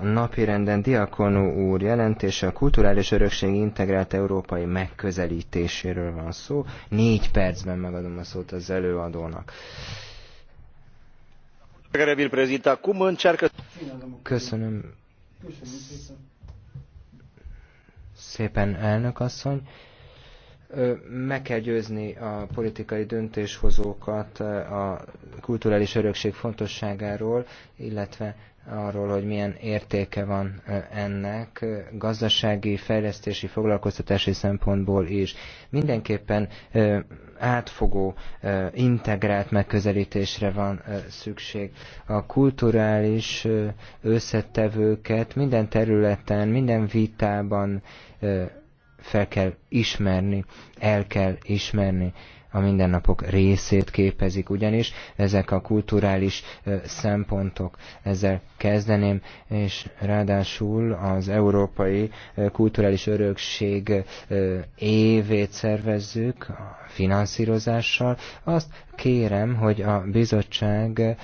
a napi renden Diakonú úr jelentése a kulturális örökség integrált európai megközelítéséről van szó. Négy percben megadom a szót az előadónak. Köszönöm szépen, elnök asszony meg kell győzni a politikai döntéshozókat a kulturális örökség fontosságáról, illetve arról, hogy milyen értéke van ennek gazdasági, fejlesztési, foglalkoztatási szempontból is. Mindenképpen átfogó, integrált megközelítésre van szükség. A kulturális összetevőket minden területen, minden vitában fel kell ismerni, el kell ismerni a mindennapok részét képezik, ugyanis ezek a kulturális szempontok, ezzel kezdeném, és ráadásul az Európai Kulturális Örökség évét szervezzük a finanszírozással. Azt kérem, hogy a bizottság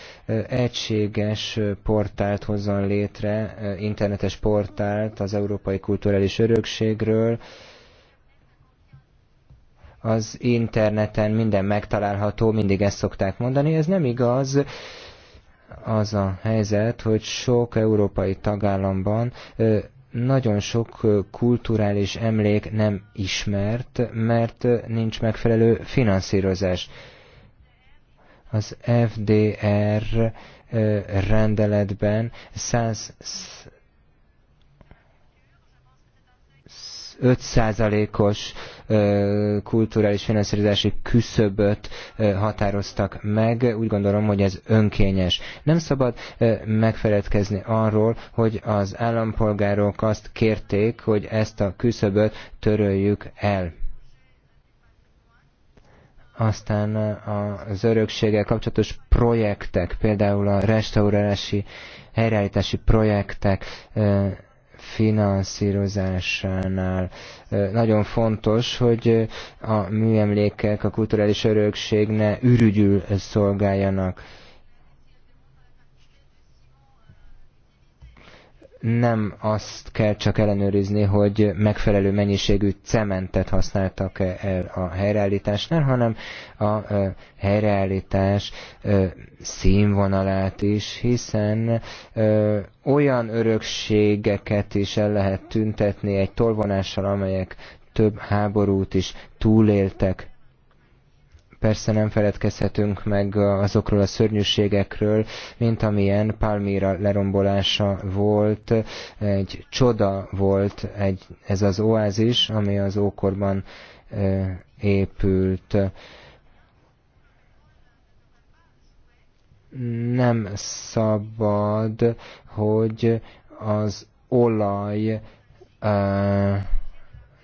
egységes portált hozzon létre, internetes portált az Európai Kulturális Örökségről, az interneten minden megtalálható, mindig ezt szokták mondani. Ez nem igaz. Az a helyzet, hogy sok európai tagállamban nagyon sok kulturális emlék nem ismert, mert nincs megfelelő finanszírozás. Az FDR rendeletben 100 5%-os kulturális finanszírozási küszöböt határoztak meg. Úgy gondolom, hogy ez önkényes. Nem szabad megfeledkezni arról, hogy az állampolgárok azt kérték, hogy ezt a küszöböt töröljük el aztán az örökséggel kapcsolatos projektek, például a restaurálási, helyreállítási projektek finanszírozásánál. Nagyon fontos, hogy a műemlékek, a kulturális örökség ne ürügyül szolgáljanak. nem azt kell csak ellenőrizni, hogy megfelelő mennyiségű cementet használtak -e el a helyreállításnál, hanem a helyreállítás színvonalát is, hiszen olyan örökségeket is el lehet tüntetni egy tolvonással, amelyek több háborút is túléltek Persze nem feledkezhetünk meg azokról a szörnyűségekről, mint amilyen Palmira lerombolása volt. Egy csoda volt egy, ez az oázis, ami az ókorban épült. Nem szabad, hogy az olaj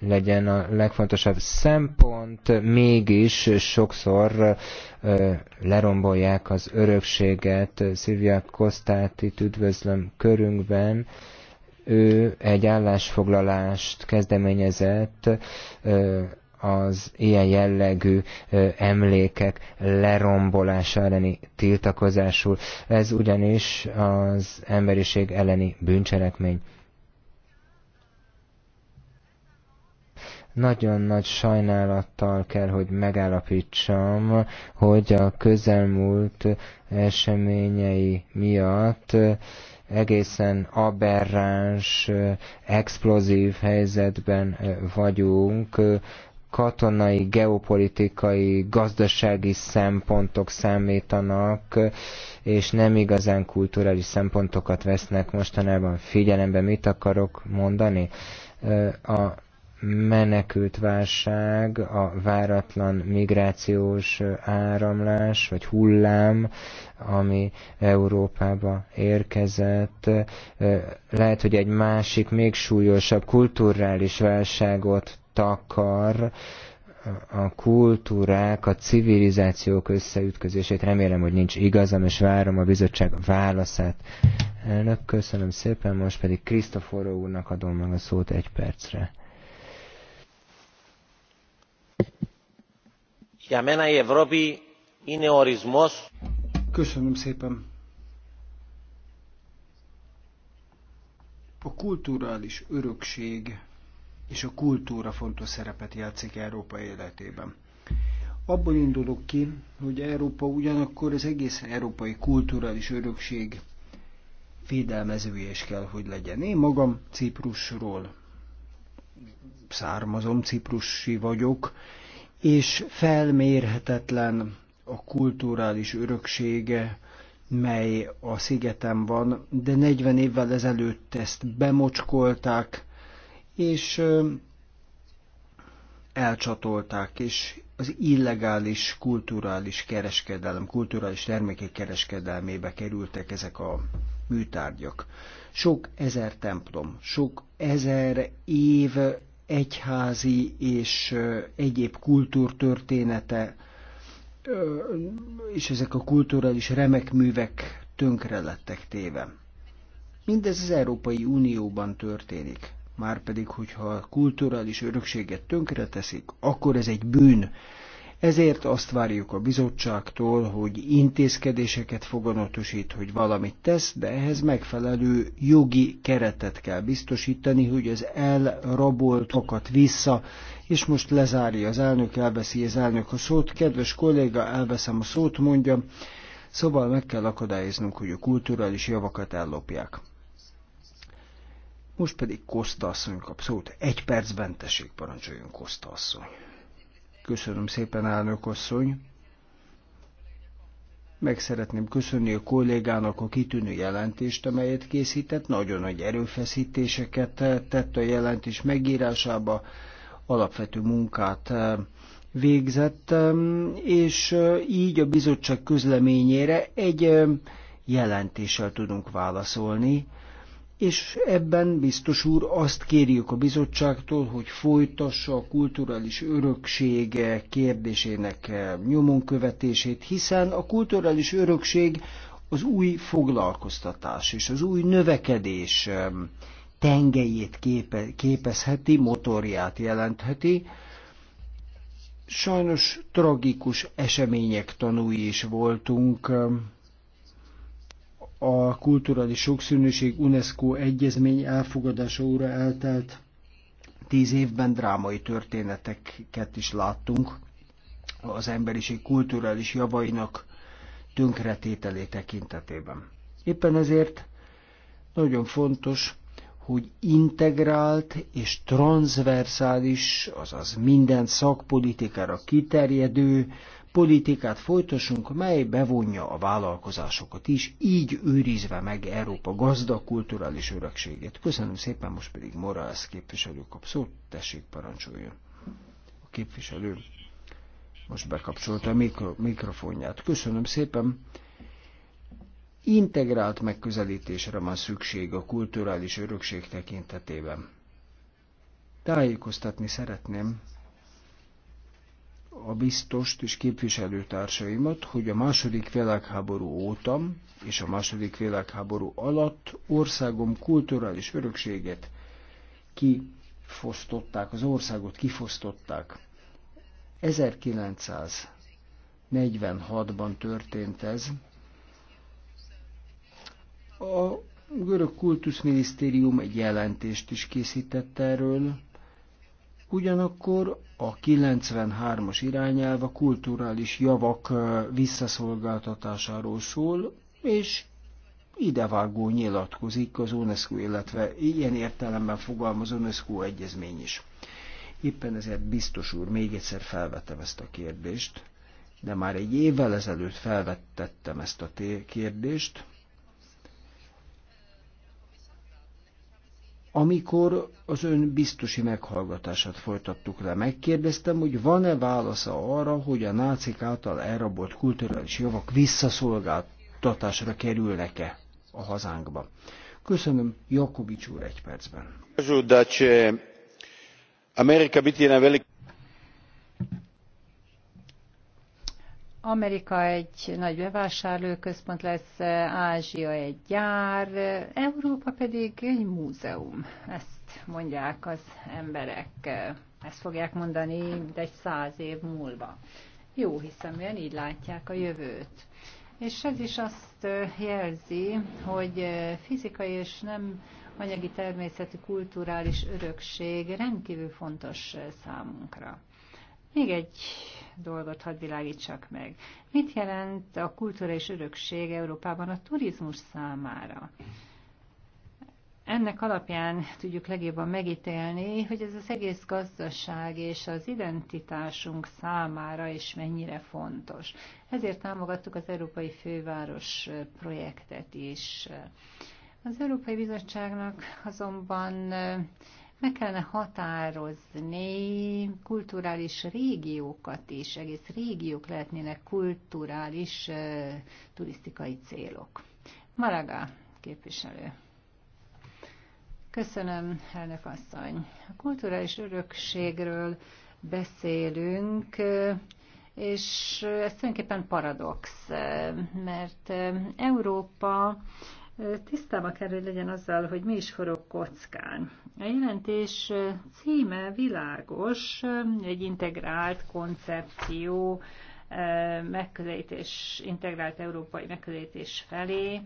legyen a legfontosabb szempont, mégis sokszor lerombolják az örökséget. Szilvia Kosztát itt üdvözlöm körünkben. Ő egy állásfoglalást kezdeményezett az ilyen jellegű emlékek lerombolása elleni tiltakozásul. Ez ugyanis az emberiség elleni bűncselekmény. Nagyon nagy sajnálattal kell, hogy megállapítsam, hogy a közelmúlt eseményei miatt egészen aberráns, explozív helyzetben vagyunk, katonai, geopolitikai, gazdasági szempontok számítanak, és nem igazán kulturális szempontokat vesznek mostanában figyelembe. Mit akarok mondani? A menekültválság, a váratlan migrációs áramlás vagy hullám, ami Európába érkezett, lehet, hogy egy másik, még súlyosabb kulturális válságot takar, a kultúrák, a civilizációk összeütközését. Remélem, hogy nincs igazam, és várom a bizottság válaszát. Elnök, köszönöm szépen, most pedig Krisztoforó úrnak adom meg a szót egy percre. Köszönöm szépen. A kulturális örökség és a kultúra fontos szerepet játszik Európa életében. Abból indulok ki, hogy Európa ugyanakkor az egész európai kulturális örökség védelmezője is kell, hogy legyen. Én magam Ciprusról származom, ciprusi vagyok, és felmérhetetlen a kulturális öröksége, mely a szigeten van, de 40 évvel ezelőtt ezt bemocskolták, és elcsatolták, és az illegális kulturális kereskedelem, kulturális termékek kereskedelmébe kerültek ezek a műtárgyak. Sok ezer templom, sok ezer év egyházi és egyéb kultúrtörténete, és ezek a kulturális remek művek tönkre lettek téve. Mindez az Európai Unióban történik. Márpedig, hogyha a kulturális örökséget tönkre teszik, akkor ez egy bűn, ezért azt várjuk a bizottságtól, hogy intézkedéseket foganatosít, hogy valamit tesz, de ehhez megfelelő jogi keretet kell biztosítani, hogy az elraboltokat vissza, és most lezárja az elnök, elveszi az elnök a szót, kedves kolléga, elveszem a szót, mondja, szóval meg kell akadályoznunk, hogy a kulturális javakat ellopják. Most pedig Koszta asszony kap szót. Egy percben tessék parancsoljon Koszta asszony. Köszönöm szépen, elnök asszony. Meg szeretném köszönni a kollégának a kitűnő jelentést, amelyet készített. Nagyon nagy erőfeszítéseket tett a jelentés megírásába, alapvető munkát eh, végzett, eh, és eh, így a bizottság közleményére egy jelentéssel tudunk válaszolni, és ebben biztos úr azt kérjük a bizottságtól, hogy folytassa a kulturális örökség kérdésének nyomon követését, hiszen a kulturális örökség az új foglalkoztatás és az új növekedés tengelyét képe, képezheti, motorját jelentheti. Sajnos tragikus események tanúi is voltunk a kulturális sokszínűség UNESCO egyezmény elfogadása óra eltelt tíz évben drámai történeteket is láttunk az emberiség kulturális javainak tönkretételé tekintetében. Éppen ezért nagyon fontos, hogy integrált és transzverszális, azaz minden szakpolitikára kiterjedő politikát folytassunk, mely bevonja a vállalkozásokat is, így őrizve meg Európa gazda kulturális örökségét. Köszönöm szépen, most pedig Morales képviselő kap szót, tessék parancsoljon. A képviselő most bekapcsolta a mikro, mikrofonját. Köszönöm szépen. Integrált megközelítésre van szükség a kulturális örökség tekintetében. Tájékoztatni szeretném, a biztost és képviselőtársaimat, hogy a második világháború óta és a második világháború alatt országom kulturális örökséget kifosztották, az országot kifosztották. 1946-ban történt ez. A görög kultuszminisztérium egy jelentést is készített erről, Ugyanakkor a 93-as irányelv a kulturális javak visszaszolgáltatásáról szól, és idevágó nyilatkozik az UNESCO, illetve ilyen értelemben fogalmaz UNESCO egyezmény is. Éppen ezért biztos úr, még egyszer felvetem ezt a kérdést, de már egy évvel ezelőtt felvettettem ezt a kérdést, amikor az ön biztosi meghallgatását folytattuk le, megkérdeztem, hogy van-e válasza arra, hogy a nácik által elrabolt kulturális javak visszaszolgáltatásra kerülnek-e a hazánkba. Köszönöm, Jakubics úr egy percben. Amerika biti na velik... Amerika egy nagy bevásárlóközpont lesz, Ázsia egy gyár, Európa pedig egy múzeum. Ezt mondják az emberek, ezt fogják mondani de egy száz év múlva. Jó milyen így látják a jövőt. És ez is azt jelzi, hogy fizikai és nem anyagi természetű kulturális örökség rendkívül fontos számunkra. Még egy dolgot hadd világítsak meg. Mit jelent a kultúra és örökség Európában a turizmus számára? Ennek alapján tudjuk legjobban megítélni, hogy ez az egész gazdaság és az identitásunk számára is mennyire fontos. Ezért támogattuk az Európai Főváros projektet is. Az Európai Bizottságnak azonban meg kellene határozni kulturális régiókat is, egész régiók lehetnének kulturális turisztikai célok. Maraga képviselő. Köszönöm, elnök asszony. A kulturális örökségről beszélünk, és ez tulajdonképpen paradox, mert Európa tisztába kell, hogy legyen azzal, hogy mi is forog kockán. A jelentés címe világos, egy integrált koncepció, megközelítés, integrált európai megközelítés felé.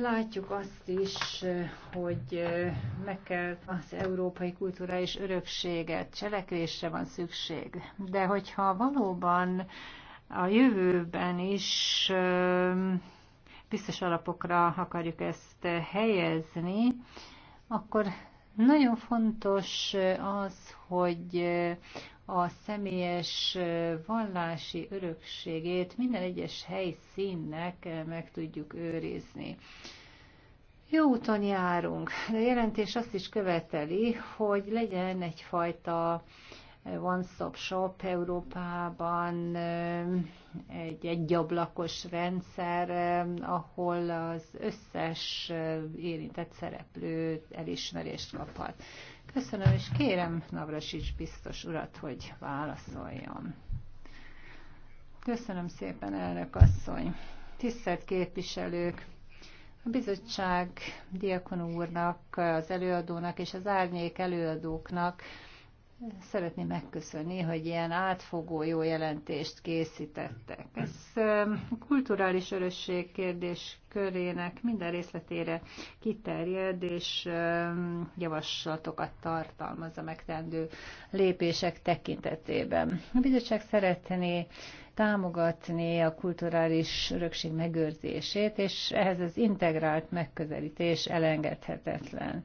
Látjuk azt is, hogy meg kell az európai és örökséget, cselekvésre van szükség. De hogyha valóban a jövőben is biztos alapokra akarjuk ezt helyezni, akkor nagyon fontos az, hogy a személyes vallási örökségét minden egyes helyszínnek meg tudjuk őrizni. Jó úton járunk, de a jelentés azt is követeli, hogy legyen egyfajta one-stop shop Európában, eh, egy egyablakos rendszer, eh, ahol az összes eh, érintett szereplő elismerést kaphat. Köszönöm, és kérem Navrasics biztos urat, hogy válaszoljon. Köszönöm szépen, elnök asszony. Tisztelt képviselők! A bizottság diakon úrnak, az előadónak és az árnyék előadóknak Szeretném megköszönni, hogy ilyen átfogó jó jelentést készítettek. Ez kulturális örösség kérdés körének minden részletére kiterjed, és javaslatokat tartalmaz a megtendő lépések tekintetében. A bizottság szeretné támogatni a kulturális örökség megőrzését, és ehhez az integrált megközelítés elengedhetetlen.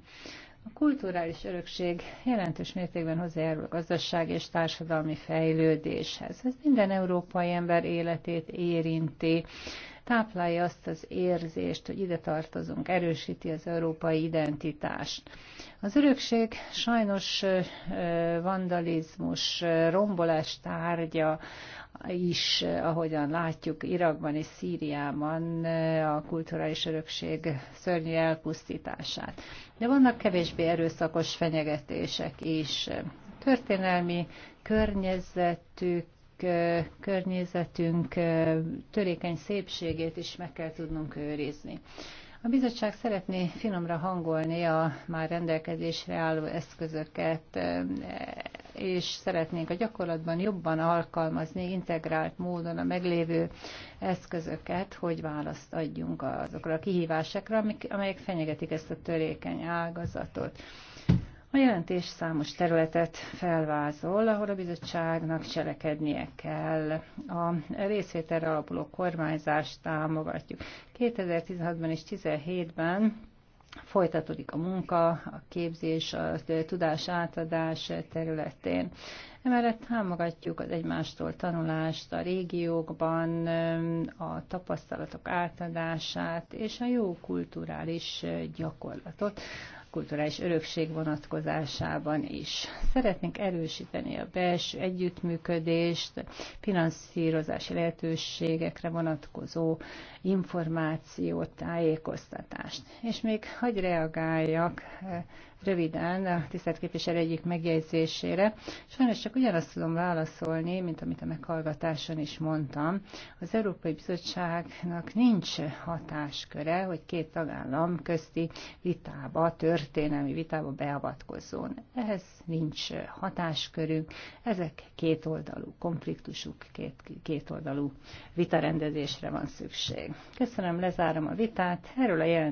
A kulturális örökség jelentős mértékben hozzájárul a gazdaság és társadalmi fejlődéshez. Ez minden európai ember életét érinti, táplálja azt az érzést, hogy ide tartozunk, erősíti az európai identitást. Az örökség sajnos vandalizmus, rombolás tárgya, is, ahogyan látjuk Irakban és Szíriában a kulturális örökség szörnyű elpusztítását. De vannak kevésbé erőszakos fenyegetések is. Történelmi környezetük környezetünk törékeny szépségét is meg kell tudnunk őrizni. A bizottság szeretné finomra hangolni a már rendelkezésre álló eszközöket, és szeretnénk a gyakorlatban jobban alkalmazni integrált módon a meglévő eszközöket, hogy választ adjunk azokra a kihívásokra, amelyek fenyegetik ezt a törékeny ágazatot. A jelentés számos területet felvázol, ahol a bizottságnak cselekednie kell. A részvételre alapuló kormányzást támogatjuk. 2016-ban és 2017-ben folytatódik a munka, a képzés, a tudás átadás területén. Emellett támogatjuk az egymástól tanulást a régiókban, a tapasztalatok átadását és a jó kulturális gyakorlatot, kulturális örökség vonatkozásában is. Szeretnénk erősíteni a belső együttműködést, finanszírozási lehetőségekre vonatkozó információt, tájékoztatást. És még hagy reagáljak eh, röviden a tisztelt képviselő egyik megjegyzésére. Sajnos csak ugyanazt tudom válaszolni, mint amit a meghallgatáson is mondtam. Az Európai Bizottságnak nincs hatásköre, hogy két tagállam közti vitába tör történelmi vitába beavatkozzon. Ehhez nincs hatáskörünk, ezek kétoldalú konfliktusuk, két, kétoldalú vitarendezésre van szükség. Köszönöm, lezárom a vitát, erről a jelen